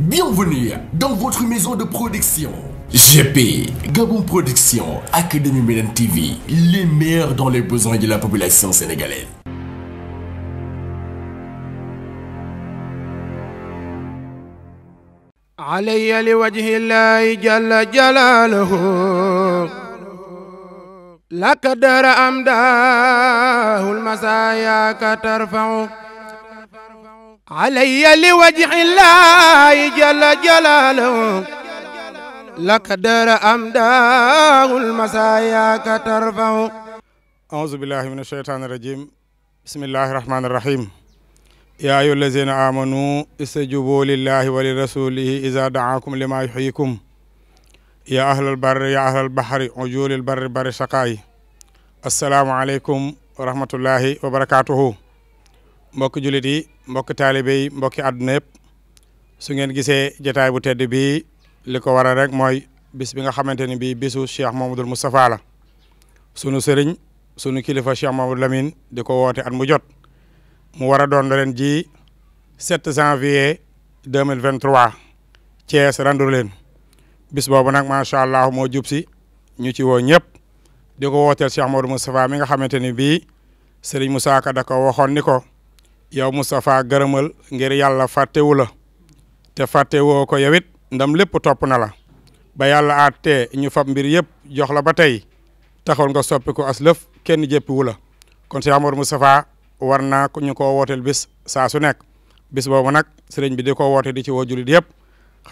Bienvenue dans votre maison de production. GP, Gabon Production, Académie Médan les meilleurs dans les besoins de la population sénégalaise. علي لوجه الله جل جلاله لك در أمداه المسايا كترفع علي لوجه الله جل جلاله لقدر أمداه المسايا كترفع أعوذ بالله من الشيطان الرجيم بسم الله الرحمن الرحيم يا أيها الذين آمنوا استجيبوا لله ولرسوله إذا دعاكم لما يحييكم يا أهل البر يا أهل البحر عجول البر بر شقاي السلام عليكم ورحمة الله وبركاته mbokk jullit yi mbokk taalibe yi mbokki àdduna yëpp su ngeen gisee jataay bu tedd bii li ko waral rek mooy bis bi nga xamante ni bii bisu Cheikh Mamadou Moustapha la sunu sëriñ sunu kilifa Cheikh Mamadou Lamine di ko woote at mu jot mu war a doon leen ji 7 janvier 2023 Thiès randu leen bis boobu nag macha allah moo jub si ñu ci woo ñëpp di ko wooteel Cheikh Mamadou Moustapha mi nga xamante ni bii sëriñ mu Ka da ko waxoon ni ko. yow Moustapha gërëmal ngir yàlla fàttewu la te fàttewoo ko yow it ndam lépp topp na la ba yàlla àttee ñu fab mbir yëpp jox la ba tey taxoon nga soppi ko as lëf kenn jéppiwu la kon Cheikh Amadou Moustapha war naa ko ñu koo wooteel bis saa su nekk bis boobu nag sëriñ bi di ko woote di ci woo jullit yëpp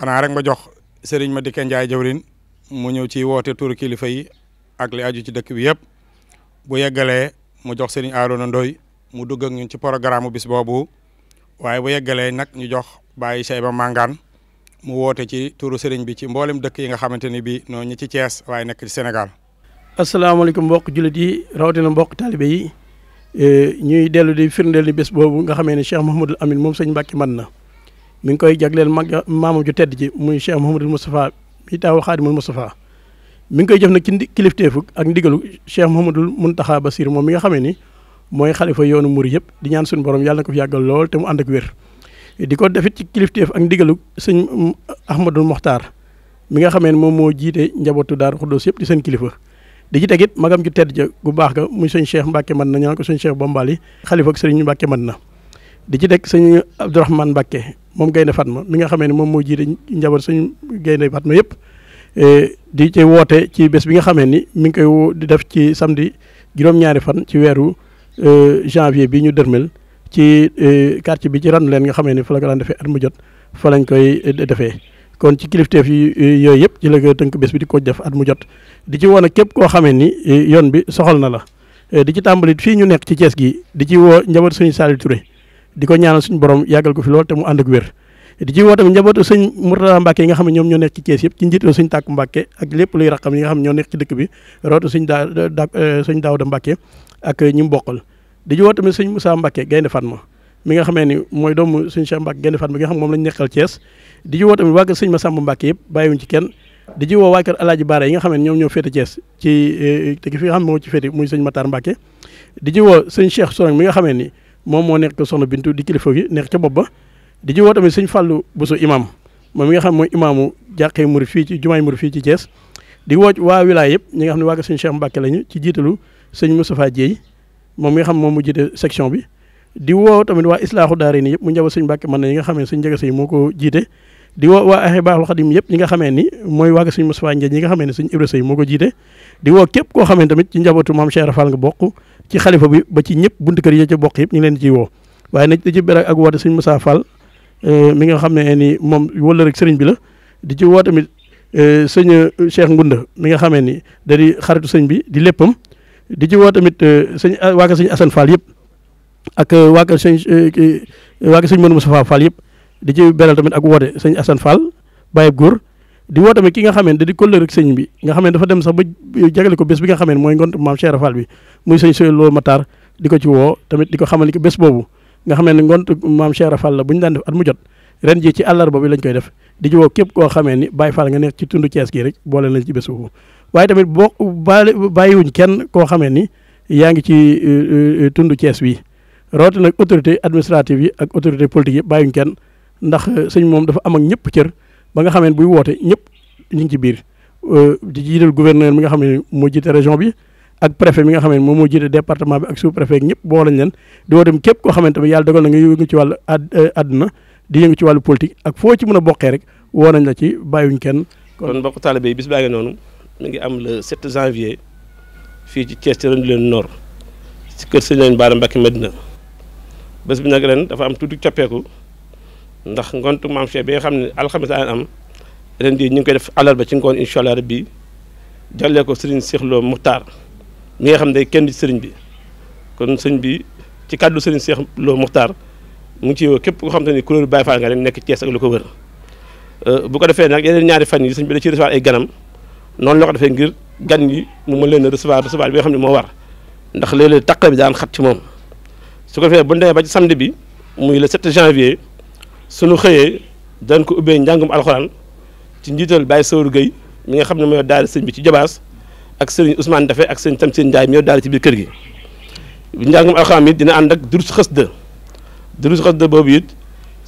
xanaa rek ma jox sëriñ ma dikke Njaay jawrin mu ñëw ci woote turu kilifa yi ak li aju ci dëkk bi yëpp bu yeggalee mu jox sëriñ Aroona ndooy mu dugg ak ñun ci programme bis boobu waaye bu yeggalee nag ñu jox bàyyi ba Mangane mu woote ci turu sëriñ bi ci mboolem dëkk yi nga xamante ni bii noonu ñi ci Thiès waaye nekk ci Sénégal. asalaamaaleykum mbokk jullit yi rawatina mbokk taalibe yi eh, ñuy dellu di firndeel ni bés boobu nga xamee ne Cheikh Mouhamadul Amine moom sëñ Mbàkke man na mi ngi koy jagleel mag maamam ju tedd ji muy Cheikh Mouhamadul Moustapha mi taawu Xaadimul Moustapha mi ngi koy jëf nag ci kilifteefu ak ndigalu Cheikh Mouhamadul Muntaxa Basir moom mi nga xamee ni mooy xalifa yoonu murid yëpp di ñaan suñu borom yàlla na ko fi yàggal lool te mu ànd ak wér di ko defit ci kilifteef ak ndigalu sëñ Ahmadul Moxtaar mi nga xamee ne moom moo jiite njabootu Daaru Xuddoos yëpp di seen kilifa di ci tegit magam ju tedd ja gu baax ga muy sëñ Cheikh Mbacke man na ko sëñ Cheikh Bombali xalifa ak sëriñ Mbacke man na di ci teg sëñ Abdourahmane Mbacke moom Gaynde Fatma mi nga xamee ne moom moo jiite njaboot sëñ Gaynde Fatma yëpp e, di ci woote ci bés bi nga xamee ni mi ngi koy di def ci samedi juróom-ñaari fan ci weeru Euh, janvier bi ñu dërmel ci euh, quartier bi ci randu leen nga xamee ni fa la ko daan defee at mu jot fa lañ koy euh, defee kon ci kilifteef yi yooyu yëpp ci la ko tënk bés bi di ko def at mu jot di ci wane képp koo xamee ni yoon bi soxal na la di ci tàmbalit fii ñu nekk ci Thiès gi di ci woo njaboot suñu Saliou Touré di ko ñaanal suñu borom yàggal ko fi lool te mu ànd ak wér di ci woo njaboot njabootu sëñ Mourtada Mbacke yi nga xam ne ñoom ñoo nekk ci Thiès yëpp ci njiitu sëñ Tàkku Mbacke ak lépp luy raqam yi nga xam ne ñoo nekk ci dëkk bi rootu sëñ daa sëñ Daawda Mbacke ak ñi mu bokkal di ci woo tamit sëñ Moussa Mbacke Gaynde Fatma mi nga xamee ni mooy doomu sëñ Cheikh Mbacke Gaynde bi nga xam moom lañ nekkal Thiès di ci woo tamit waa kër sëñ Massamba Mbacke yëpp bàyyiwuñ ci kenn di ci yi nga xam ne ñoom ñoo féete Thiès ci eh, te ki fi nga xam ne moo ci féete muy sëñ Matar Mbacke di ci woo sëñ Cheikh Sorang mi nga xamee ni moom moo nekk soxna Bintu di kilifa gi nekk ca bopp ba di ci woo tamit sëñ Fallou Bousso imam moom mi nga xam mooy imaamu jàqee murid fii ci jumaay fii ci Thiès di woo waa wilaay yëpp ñi nga xam ne waa ko sëñ Cheikh Mbacke lañu ci jiitalu sëñ Moustapha Dieye moom mi nga xam moom mu jiite section bi di woo tamit waa islaaxu daare nii yëpp mu njaboot sëñ Mbacke mën na ñi nga xamee sëñ Njaga Sey moo ko jiite di woo ñi nga xamee ni mooy waa ko sëñ Moustapha Ndiaye ñi nga xamee ne sëñ Ibra Sey moo ko jiite di woo képp koo xamee tamit ci njabootu maam Cheikh Rafal nga bokk ci xalifa bi ba ci ñëpp buntu kër yi ca bokk yëpp ñu leen ciy woo waaye nag da ci beral ak woote sëñ Moussa Fall Euh, mi nga xam ne ni moom wala rek sëriñ bi la di ci woo tamit euh, sëñ euh, Cheikh Ngunda mi nga xamee ni da di xaritu sëñ bi di léppam di ci woo tamit sëñ waa ka sëñ Assane Fall yëpp ak waa ka sëñ waa ka sëñ Manu Mustafa Fall yëpp di ci beneen tamit ak woote sëñ Assane Fall Baye Góor di woo tamit ki nga xamee ni di kóllëre sëñ bi nga xamee dafa dem sax ba jagale ko bés bi nga xamee mooy ngont maam Cheikh Fall bi muy sëñ Soy Lo Matar di ko ci woo tamit di ko xamal ni ko bés boobu nga xam ne ngont maam Cheikh Fall la bu ñu daan def at mu jot ren ji ci àllarba bi lañ koy def di ci woo képp koo xamee ni Baye Fall nga nekk ci tundu Thiès gi rek boole lañ ci bés boobu waaye tamit boo baale bàyyiwuñ kenn koo xamee ni yaa ngi ci euh, euh, euh, tundu Thiès bi rawatina nag autorité administrative yi ak autorité politique yi bàyyiwuñ kenn ndax sëñ moom dafa am ak ñëpp cër ba nga xamee ne buy woote ñëpp ñu ngi ci biir di jiital gouverneur mi nga xam ne moo jiite région bi ak préfet mi nga xam ne moom moo jiite département bi ak sous préfet ñëpp boo lañ leen doo dem képp koo xamante ne yàlla dogal na nga yëngu ci wàllu euh, àdduna di yëngu ci wàllu politique ak foo ci mën a bokkee rek woo nañ la ci bàyyiwuñ kenn. kon mbokk taalibe yi bis baa ngi noonu mi ngi am le 7 janvier fii ci Thiès ci leen noor ci kër Sëñ Leen Baara Mbacke Medina bés bi nag ren dafa am tuuti coppeeku ndax ngontu maam Cheikh bi nga xam ne alxames daan am ren jii ñu ngi koy def àllarba ci ngoon incha allah rabbi jàllee ko Serigne Cheikh Lo Moukhtar mi nga xam ne day kenn ci sëriñ bi kon sëñ bi ci kàddu sëriñ Cheikh Lo Muxtaar mu ngi ci woo képp koo xam te ni kuréelu Baye Fall nga rek nekk Thiès ak lu ko wër euh, bu ko defee nag yeneen ñaari fan yi sëñ bi da ci recevoir ay ganam noonu la ko defee ngir gan yi mu mën leen a recevoir recevoir bi nga xam ne moo war ndax léeg-léeg bi daan xat ci moom su ko defee bu ñu demee ba ci samedi bi muy le 7 janvier suñu xëyee daan ko ubbee njàngum alxuraan ci njiital Baye Sawru Gueye mi nga xam ne mooy daara sëñ bi ci Jobaas ak sëriñ Ousmane Dafe ak sëriñ Tamsir Ndiaye ñëw daal ci biir kër gi njàngum alxaam it dina ànd ak durus xasida durus xasida boobu it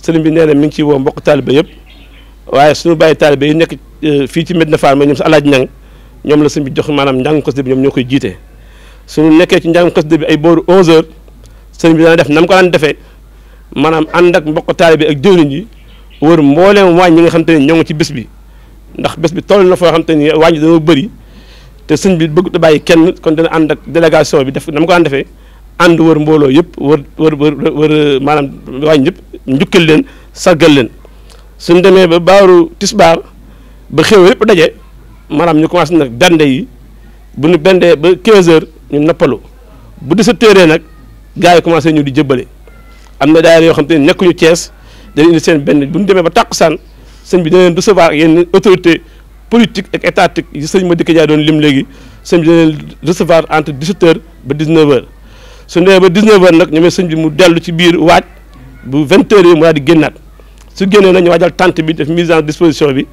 sëriñ bi nee na mi ngi ciy woo mbokk taalibe yëpp waaye suñu bàyyi taalibe yi nekk euh, fii ci Medina Fall mooy ñoom si alaaji ñang ñoom la sëriñ bi jox maanaam njàngum xasida bi ñoom ñoo koy jiite suñu nekkee ci njàngum xasida bi ay booru 11 heures sëriñ bi dana def nam ko daan defee maanaam ànd ak mbokk taalibe ak jëwriñ yi wër mbooleem waañ ñi nga ne ñoo ngi ci bés bi ndax bés bi toll na foo xam te ne waañ dañoo bëri te sëñ bi bëgg da bàyyi kenn kon dana ànd ak délégation bi def na ma ko daan defee ànd wër mbooloo yëpp wër wër wër wër euh, maanaam waañ yëpp njukkal leen sargal leen suñ demee ba baaru tisbaar ba xew yëpp daje maanaam ñu commencé nag bende yi bu nu bendee ba 15 heures ñu noppalu bu di sa nag gars yi commencé ñu di jëbbale am na daayira yoo xam te ne nekkuñu Cees dañu indi seen benn bu ñu demee ba tàkkusaan sëñ bi dana leen recevoir ak yenn autorité politique ak étatique yi sëñ Madické Ndiaye doon lim léegi sëñ bi dina leen recevoir entre 17h ba 19h su ndee ba 19h nag ñoomee sëñ bi mu dellu ci biir waaj bu 20h yi mu daal génnaat su génnee nag ñu waajal tante bi def mise en disposition bi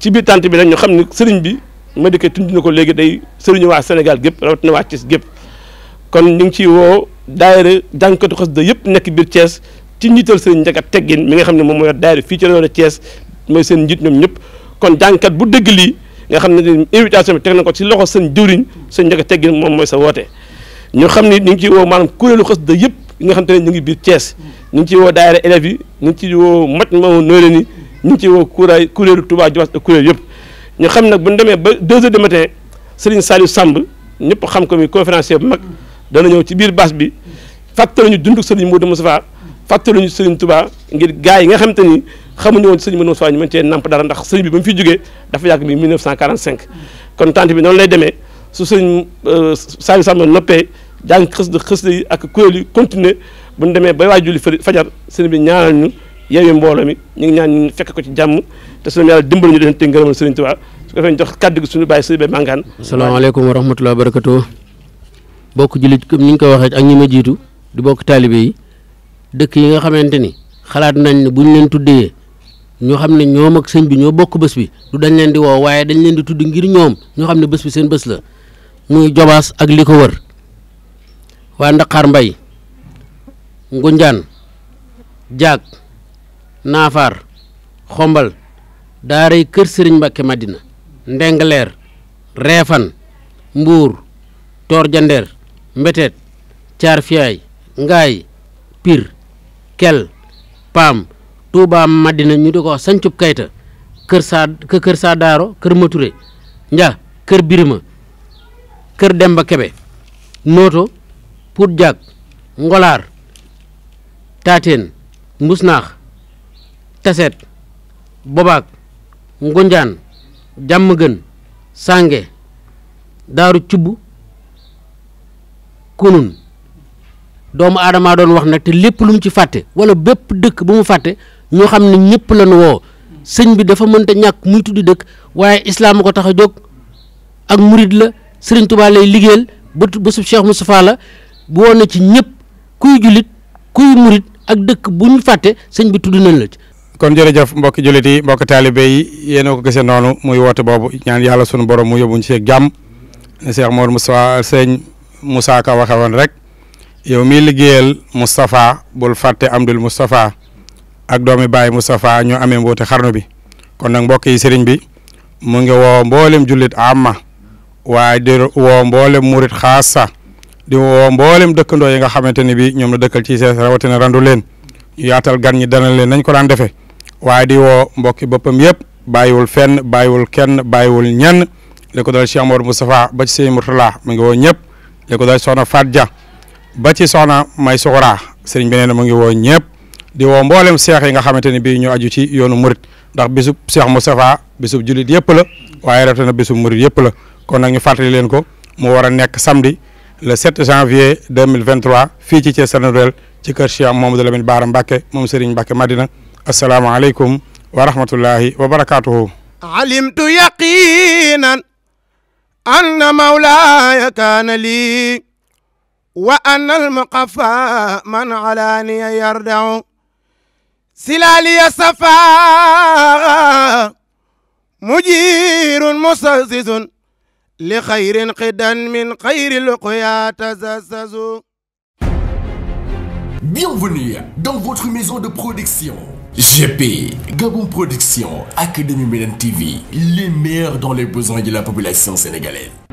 ci biir tante bi nag ñu xam ne sëriñ bi ma Madické tudd na ko léegi day sëriñu waa Sénégal gépp na waa Thiès gépp kon ñu ngi ciy woo daayira jànkatu xasida yëpp nekk biir Thiès ci njiital sëriñ Ndiaga Teggin mi nga xam ne moom mooy daayira fii ci région de mooy seen njiit ñoom ñëpp kon jàngkat bu dëgg lii nga xam ne invitation bi teg na ko ci loxo sëñ jëwriñ sëñ njëkk a teggin moom mooy sa woote ñu xam ni ñu ngi ciy woo maanaam kuréelu xasida yëpp nga xam ne ñu ngi biir Thiès ñu ngi ciy woo daayira élèves yi ñu ngi ciy woo maj moo nooré ni ñu ngi ciy woo kuréel kuréelu Touba Diobass ak kuréel yëpp ñu xam nag bu ñu demee ba deux heures du matin Serigne Saliou sàmb ñëpp xam ko mi conférencier bi mag dana ñëw ci biir baas bi fàttali ñu dunduk Serigne Modou Moustapha fàttaluñu sëriñ Touba ngir gars yi nga xam te ni xamuñu woon sëriñ Moussa ñu mën cee namp dara ndax sëriñ bi ba mu fi jógee dafa yàgg bi 1945 kon tant bi noonu lay demee su sëriñ euh, Saliou Samb noppee jàng xës da xës yi ak kuréel yi continuer bu ñu demee bay waay julli fajar sëriñ bi ñaanal ñu yeewi mbooloo mi ñu ngi ñaan fekk ko ci jàmm te suñu yàlla dimbal ñu dente ngërëmal sëriñ Touba su ko defee jox kàddu gi suñu bàyyi sëriñ bi màngaan asalaamaaleykum wa rahmatulah barakatu bokk jullit comme ni ñu ko waxee ak ñi ma jiitu du bokk taalibe yi dëkk yi nga xamante ni xalaat nañ ne buñ leen tuddee ñoo xam ne ñoom ak sëñ bi ñoo bokk bës bi du dañ leen di woo waaye dañ leen di tudd ngir ñoom ñoo xam ne bës bi seen bés la muy jobaas ak li ko wër waa Ndaqaar Mbay Ngunjaan Jaag Naafaar Xombal daaray kër Sëriñ Mbàkke Madina Ndengleer Reefan Mbuur Toor Jandeer Mbeteet Caar Fiyaay Ngaay Pir kel paam Touba Madina ñu di ko wax sancub kër saa daaro kër mature nja kër birima kër demba kebe nooto pour jag ngolaar taateen mbusnaax taset bobaak ngunjaan jàmm gën daaru cubb kunun doomu aadamaa doon wax nag te lépp lu mu ci fàtte wala bépp dëkk bu mu fàtte ñoo xam ne ñëpp lañu woo sëñ bi dafa mënta ñàkk muy tudd dëkk waaye islaam ko tax a jóg ak murid la sëriñ Tuubaa lay liggéeyal bët bésub Cheikh Moustapha la ci ñëpp kuy jullit kuy murid ak dëkk bu ñu sëñ bi tudd nañ la ci. kon jërëjëf mbokki jullit yi mbokki taalibe yi yéen a ko gisee noonu muy woote boobu ñaan yàlla sunu borom mu yóbbuñ ci jàmm Cheikh Mor Moussa sëñ Moussa Ka waxe woon rek. yow miy liggéeyal Moustapha bul fàtte Amdul Moustapha ak doomi Baye Moustapha ñoo amee mbooti xarnu bi kon nag mbokk yi sëriñ bi mu ngi woo mboolem jullit amma waaye di wo mboolem murit xaasa di woo mboolem dëkkandoo yi nga xamante ne bi ñoom la dëkkal ci sees rawatina randu leen ñu yaatal gan ñi dana leen nañ ko daan defee waaye di woo mbokki boppam yëpp bàyyiwul fenn bàyyiwul kenn bàyyiwul ñenn li ko dal Cheikh Amadou Moustapha ba ci sëñ Mourtala mu ngi woo ñëpp li ko dal Soxna Faat Ja ba ci soxna may suxuraa sëriñ bi nee na mu ngi woo ñëpp di woo mboolem seex yi nga xamante ne bii ñu aju ci yoonu murit ndax bisub seex Moustapha bisub jullit yëpp la waaye rawatina bisub murit yëpp la kon nag ñu fàttali leen ko mu war a nekk samedi le 7 janvier 2023 fii ci Thiès Nouvelle ci kër Cheikh Mamadou Lamine Bara Mbacke moom Serigne Mbacke Madina asalaamaaleykum wa rahmatullahi wa barakaatuhu alimtu yaqinan anna mawlaaya kaana lii wa anal muqafa man alaaniya yardaw silaaliya safa mujirun musazisun li xayrin qidan min xayri luqya tazazazu Bienvenue dans votre maison de production GP Gabon Production Académie Médine TV les meilleurs dans les besoins de la population sénégalaise